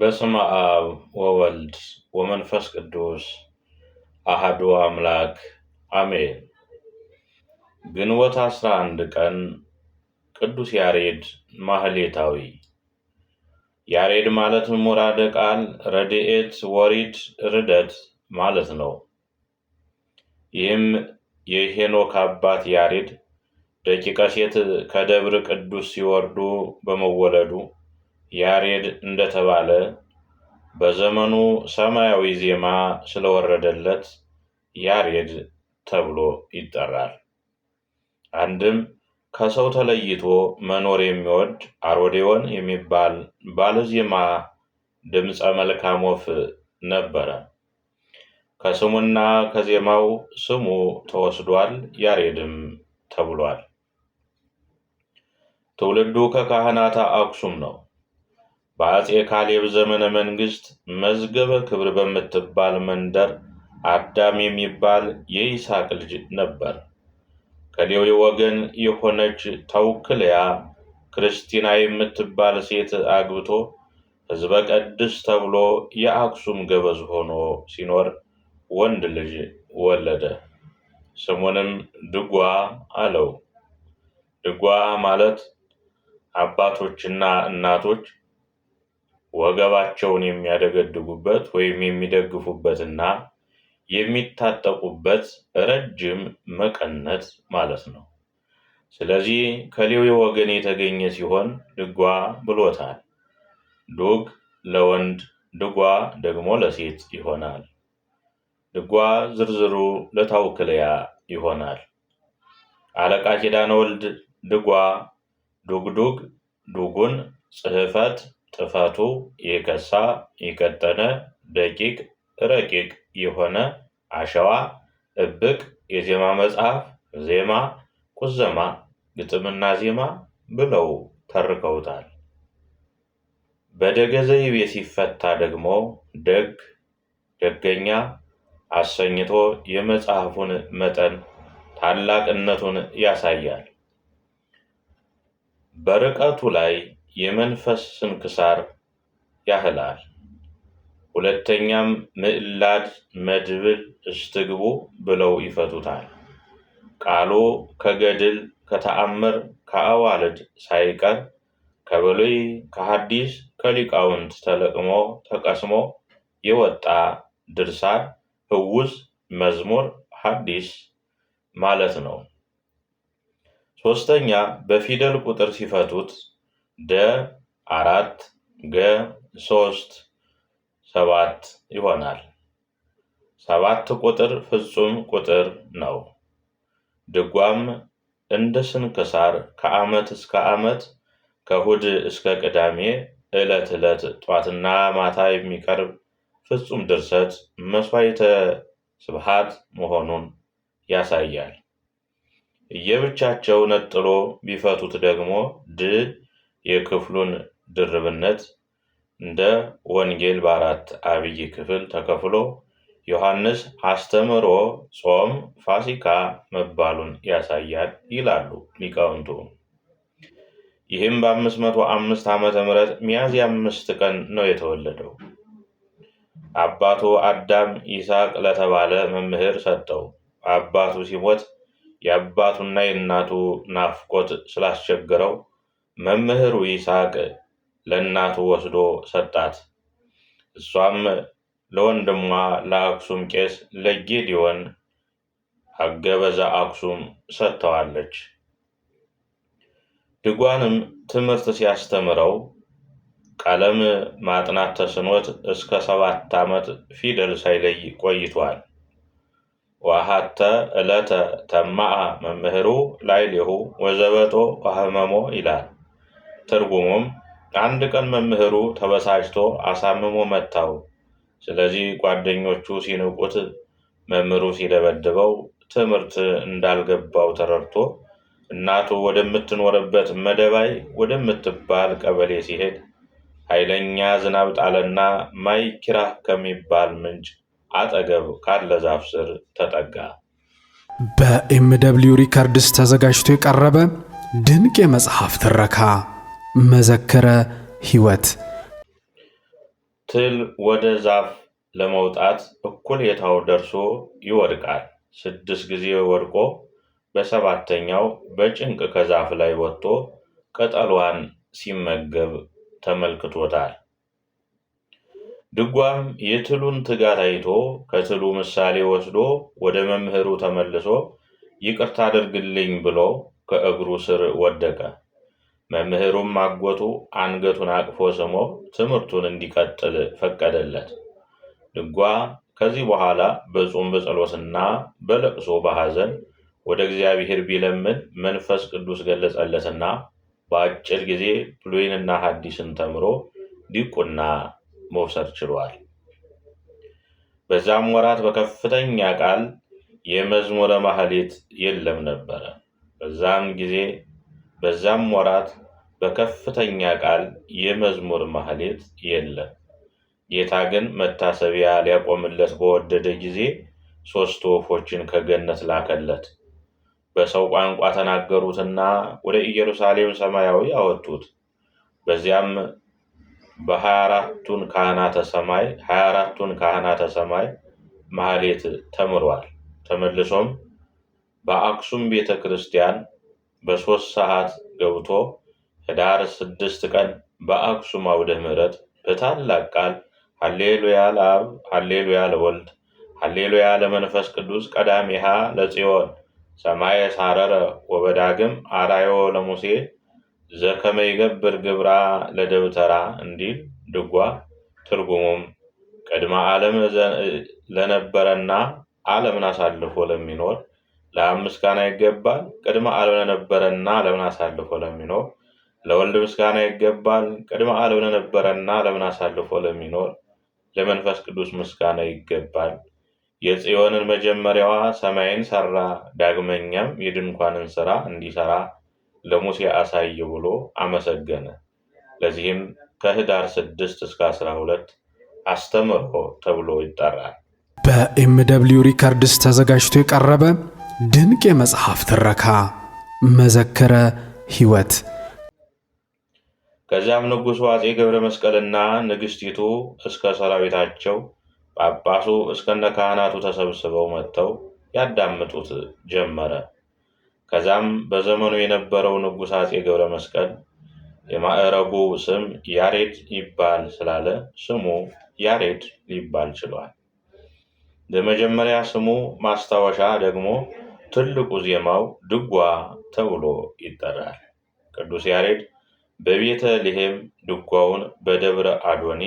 በስመ አብ ወወልድ ወመንፈስ ቅዱስ አህዱ አምላክ አሜን። ግንቦት 11 ቀን ቅዱስ ያሬድ ማህሌታዊ። ያሬድ ማለት ሙራደ ቃል ረድኤት፣ ወሪድ፣ ርደት ማለት ነው። ይህም የሄኖክ አባት ያሬድ ደቂቀ ሴት ከደብር ቅዱስ ሲወርዱ በመወለዱ ያሬድ እንደተባለ በዘመኑ ሰማያዊ ዜማ ስለወረደለት ያሬድ ተብሎ ይጠራል። አንድም ከሰው ተለይቶ መኖር የሚወድ አሮዴዎን የሚባል ባለዜማ ድምፀ መልካም ወፍ ነበረ። ከስሙና ከዜማው ስሙ ተወስዷል፣ ያሬድም ተብሏል። ትውልዱ ከካህናታ አክሱም ነው። በአጼ ካሌብ ዘመነ መንግስት መዝገበ ክብር በምትባል መንደር አዳም የሚባል የይስሐቅ ልጅ ነበር። ከሌዊ ወገን የሆነች ተውክልያ ክርስቲና የምትባል ሴት አግብቶ ሕዝበ ቀድስ ተብሎ የአክሱም ገበዝ ሆኖ ሲኖር ወንድ ልጅ ወለደ። ስሙንም ድጓ አለው። ድጓ ማለት አባቶችና እናቶች ወገባቸውን የሚያደገድጉበት ወይም የሚደግፉበትና የሚታጠቁበት ረጅም መቀነት ማለት ነው። ስለዚህ ከሌዊ ወገን የተገኘ ሲሆን ድጓ ብሎታል። ዱግ ለወንድ ድጓ ደግሞ ለሴት ይሆናል። ድጓ ዝርዝሩ ለታውክልያ ይሆናል። አለቃ ኪዳነ ወልድ ድጓ ዱግዱግ ዱጉን ጽህፈት ጥፈቱ የከሳ የቀጠነ ደቂቅ ረቂቅ የሆነ አሸዋ እብቅ የዜማ መጽሐፍ ዜማ፣ ቁዘማ፣ ግጥምና ዜማ ብለው ተርከውታል። በደገ ዘይቤ ሲፈታ ደግሞ ደግ ደገኛ አሰኝቶ የመጽሐፉን መጠን ታላቅነቱን ያሳያል። በርቀቱ ላይ የመንፈስ ስንክሳር ያህላል። ሁለተኛም ምዕላድ መድብል እስትግቡ ብለው ይፈቱታል። ቃሉ ከገድል ከተአምር ከአዋልድ ሳይቀር ከብሉይ ከሐዲስ ከሊቃውንት ተለቅሞ ተቀስሞ የወጣ ድርሳን ህውዝ መዝሙር ሐዲስ ማለት ነው። ሶስተኛ በፊደል ቁጥር ሲፈቱት ደ አራት ገ ሶስት ሰባት ይሆናል። ሰባት ቁጥር ፍጹም ቁጥር ነው። ድጓም እንደ ስንክሳር ከዓመት እስከ ዓመት ከእሁድ እስከ ቅዳሜ ዕለት ዕለት ጧትና ማታ የሚቀርብ ፍጹም ድርሰት መስዋይተ ስብሃት መሆኑን ያሳያል። እየብቻቸው ነጥሎ ቢፈቱት ደግሞ ድ የክፍሉን ድርብነት እንደ ወንጌል በአራት አብይ ክፍል ተከፍሎ ዮሐንስ አስተምሮ ጾም ፋሲካ መባሉን ያሳያል ይላሉ ሊቃውንቱ። ይህም በ505 ዓመተ ምህረት ሚያዝያ አምስት ቀን ነው የተወለደው። አባቱ አዳም ይስሐቅ ለተባለ መምህር ሰጠው። አባቱ ሲሞት የአባቱና የእናቱ ናፍቆት ስላስቸገረው መምህሩ ይስሐቅ ለእናቱ ወስዶ ሰጣት። እሷም ለወንድሟ ለአክሱም ቄስ ለጌዲዮን አገበዛ አክሱም ሰጥተዋለች። ድጓንም ትምህርት ሲያስተምረው ቀለም ማጥናት ተስኖት እስከ ሰባት ዓመት ፊደል ሳይለይ ቆይቷል። ዋሃተ ዕለተ ተማአ መምህሩ ላይሌሁ ወዘበጦ ዋህመሞ ይላል። ትርጉሙም አንድ ቀን መምህሩ ተበሳጭቶ አሳምሞ መታው። ስለዚህ ጓደኞቹ ሲንቁት፣ መምህሩ ሲደበድበው ትምህርት እንዳልገባው ተረድቶ እናቱ ወደምትኖርበት መደባይ ወደምትባል ቀበሌ ሲሄድ ኃይለኛ ዝናብ ጣለና ማይኪራህ ከሚባል ምንጭ አጠገብ ካለ ዛፍ ስር ተጠጋ። በኤምደብልዩ ሪካርድስ ተዘጋጅቶ የቀረበ ድንቅ የመጽሐፍ ትረካ መዘክረ ሕይወት ትል ወደ ዛፍ ለመውጣት እኩሌታው ደርሶ ይወድቃል። ስድስት ጊዜ ወድቆ በሰባተኛው በጭንቅ ከዛፍ ላይ ወጥቶ ቅጠሏን ሲመገብ ተመልክቶታል። ድጓም የትሉን ትጋት አይቶ ከትሉ ምሳሌ ወስዶ ወደ መምህሩ ተመልሶ ይቅርታ አድርግልኝ ብሎ ከእግሩ ስር ወደቀ። መምህሩም አጎቱ አንገቱን አቅፎ ስሞ ትምህርቱን እንዲቀጥል ፈቀደለት። ድጓ ከዚህ በኋላ በጾም በጸሎትና በለቅሶ በሐዘን ወደ እግዚአብሔር ቢለምን መንፈስ ቅዱስ ገለጸለትና በአጭር ጊዜ ብሉይንና ሐዲስን ተምሮ ዲቁና መውሰድ ችሏል። በዛም ወራት በከፍተኛ ቃል የመዝሙረ ማህሌት የለም ነበረ። በዛም ጊዜ በዛም ወራት በከፍተኛ ቃል የመዝሙር ማህሌት የለም። ጌታ ግን መታሰቢያ ሊያቆምለት በወደደ ጊዜ ሦስት ወፎችን ከገነት ላከለት። በሰው ቋንቋ ተናገሩትና ወደ ኢየሩሳሌም ሰማያዊ አወጡት። በዚያም በሀያ አራቱን ካህናተ ሰማይ ሀያ አራቱን ካህናተ ሰማይ ማህሌት ተምሯል። ተመልሶም በአክሱም ቤተ ክርስቲያን በሶስት ሰዓት ገብቶ ህዳር ስድስት ቀን በአክሱም አውደ ምሕረት በታላቅ ቃል ሀሌሉያ ለአብ ሀሌሉያ ለወልድ ሀሌሉያ ለመንፈስ ቅዱስ ቀዳሚሃ ለጽዮን ሰማየ ሳረረ ወበዳግም አራዮ ለሙሴ ዘከመ ይገብር ግብራ ለደብተራ እንዲል ድጓ ትርጉሙም ቅድመ ዓለም ለነበረና ዓለምን አሳልፎ ለሚኖር ለአብ ምስጋና ይገባል፣ ቅድመ ዓለም ለነበረና ለምን አሳልፎ ለሚኖር። ለወልድ ምስጋና ይገባል፣ ቅድመ ዓለም ለነበረና ለምን አሳልፎ ለሚኖር። ለመንፈስ ቅዱስ ምስጋና ይገባል። የጽዮንን መጀመሪያዋ ሰማይን ሰራ፣ ዳግመኛም የድንኳንን ስራ እንዲሰራ ለሙሴ አሳየ ብሎ አመሰገነ። ለዚህም ከህዳር ስድስት እስከ አስራ ሁለት አስተምህሮ ተብሎ ይጠራል። በኤምደብሊው ሪከርድስ ተዘጋጅቶ የቀረበ ድንቅ የመጽሐፍ ትረካ መዘክረ ሕይወት። ከዚያም ንጉሡ አፄ ገብረ መስቀልና ንግሥቲቱ እስከ ሰራዊታቸው ጳጳሱ እስከነ ካህናቱ ተሰብስበው መጥተው ያዳምጡት ጀመረ። ከዚያም በዘመኑ የነበረው ንጉሥ አጼ ገብረ መስቀል የማዕረጉ ስም ያሬድ ይባል ስላለ ስሙ ያሬድ ሊባል ችሏል። ለመጀመሪያ ስሙ ማስታወሻ ደግሞ ትልቁ ዜማው ድጓ ተብሎ ይጠራል። ቅዱስ ያሬድ በቤተ ልሔም ድጓውን በደብረ አዶኒ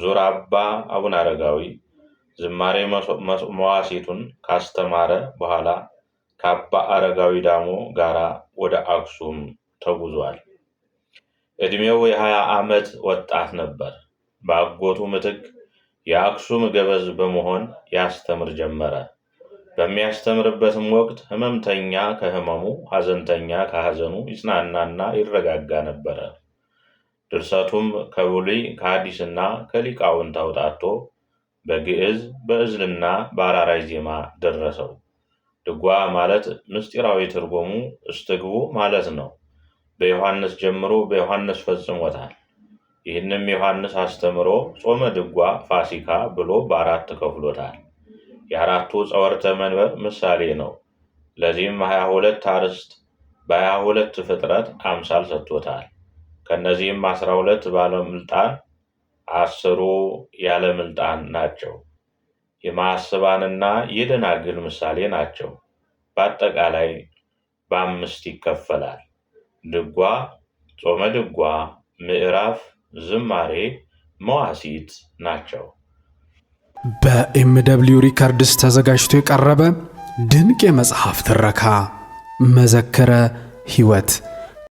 ዙር አባ አቡነ አረጋዊ ዝማሬ መዋሴቱን ካስተማረ በኋላ ከአባ አረጋዊ ዳሞ ጋር ወደ አክሱም ተጉዟል። ዕድሜው የሀያ ዓመት ወጣት ነበር። በአጎቱ ምትክ የአክሱም ገበዝ በመሆን ያስተምር ጀመረ። በሚያስተምርበትም ወቅት ህመምተኛ ከህመሙ ሐዘንተኛ ከሐዘኑ ይጽናናና ይረጋጋ ነበረ። ድርሰቱም ከብሉይ ከአዲስና ከሊቃውንት አውጣቶ በግዕዝ በእዝልና በአራራይ ዜማ ደረሰው። ድጓ ማለት ምስጢራዊ ትርጉሙ እስትግቡ ማለት ነው። በዮሐንስ ጀምሮ በዮሐንስ ፈጽሞታል። ይህንም ዮሐንስ አስተምሮ ጾመ ድጓ ፋሲካ ብሎ በአራት ከፍሎታል። የአራቱ ጸወርተ መንበር ምሳሌ ነው። ለዚህም ሀያ ሁለት አርዕስት በሀያ ሁለት ፍጥረት አምሳል ሰጥቶታል። ከእነዚህም አስራ ሁለት ባለምልጣን አስሩ ያለምልጣን ናቸው። የማስባንና የደናግል ምሳሌ ናቸው። በአጠቃላይ በአምስት ይከፈላል። ድጓ፣ ጾመ ድጓ፣ ምዕራፍ፣ ዝማሬ፣ መዋሲት ናቸው። በኤምደብሊው ሪከርድስ ተዘጋጅቶ የቀረበ ድንቅ የመጽሐፍ ትረካ መዘክረ ሕይወት